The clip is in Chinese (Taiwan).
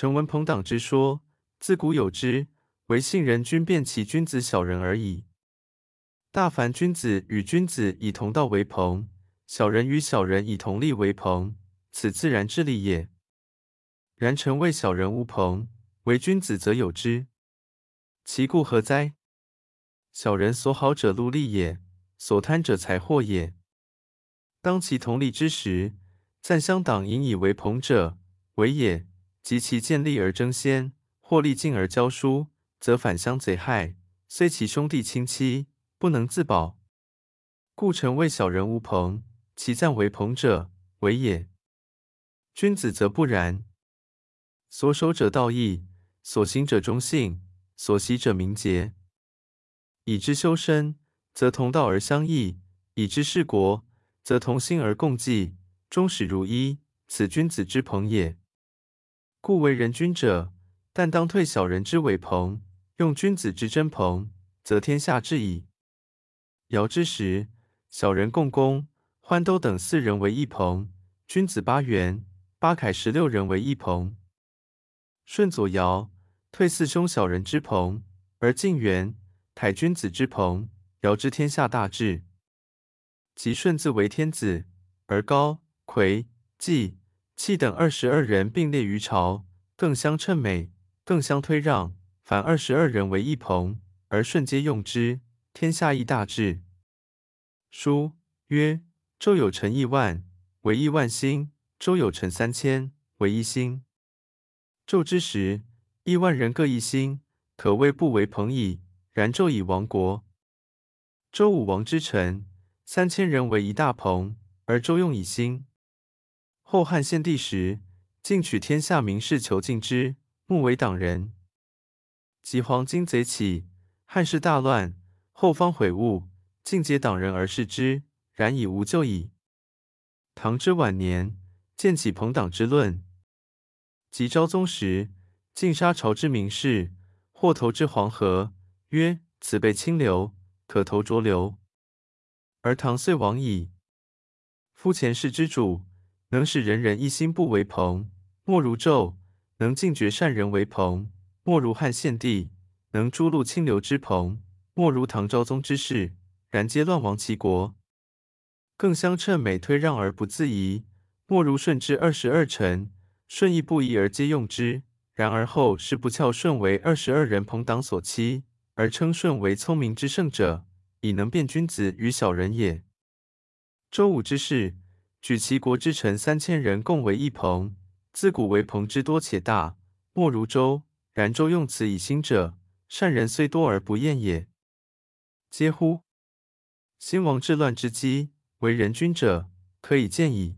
臣聞朋黨之說，自古有之，惟幸人君辨其君子小人而已。大凡君子與君子以同道為朋，小人與小人以同利為朋，此自然之理也。然臣謂小人無朋，惟君子則有之。其故何哉？小人所好者祿利也，所貪者財貨也。當其同利之時，暫相黨引以為朋者，僞也。及其見利而爭先，或利盡而交疏，則反相賊害。雖其兄弟親戚不能自保，故臣謂小人無朋。其暫為朋者，僞也。君子則不然，所守者道義，所行者忠信，所惜者名節。以之修身，則同道而相益；以之事國，則同心而共濟。終始如一，此君子之朋也。故為人君者，但當退小人之偽朋，用君子之真朋，則天下治矣。堯之時，小人共工、驩兜等四人為一朋，君子八元、八愷十六人為一朋。舜佐堯，退四凶小人之朋，而進元、愷君子之朋，堯之天下大治。及舜自為天子，而皋、夔、稷。契等二十二人並列於朝，更相稱美，更相推讓，凡二十二人為一朋，而舜皆用之，天下亦大治。書曰：“紂有臣億萬，惟億萬心；周有臣三千，惟一心。”紂之時，億萬人各異心，可謂不為朋矣。然紂以亡國。周武王之臣三千人為一大朋，而周用以興。後漢獻帝時，盡取天下名士囚禁之，目為黨人。及黃巾賊起，漢室大亂，後方悔悟，盡解黨人而釋之，然已無救矣。唐之晚年，漸起朋黨之論。及昭宗時，盡殺朝之名士，或投之黃河，曰：“此輩清流，可投濁流。”而唐遂亡矣。夫前世之主，能使人人一心不為朋，莫如紂；能禁絕善人為朋，莫如漢獻帝；能誅戮清流之朋，莫如唐昭宗之世。然皆亂亡其國。更相稱美推讓而不自疑，莫如舜之二十二臣。舜亦不疑而皆用之。然而後世不誚舜為二十二人朋黨所欺，而稱舜為聰明之聖者，以能辨君子與小人也。周武之世。舉其國之臣三千人，共為一朋。自古為朋之多且大，莫如周。然周用此以興者，善人雖多而不厭也。嗟乎！興亡治亂之跡，為人君者可以鑑矣。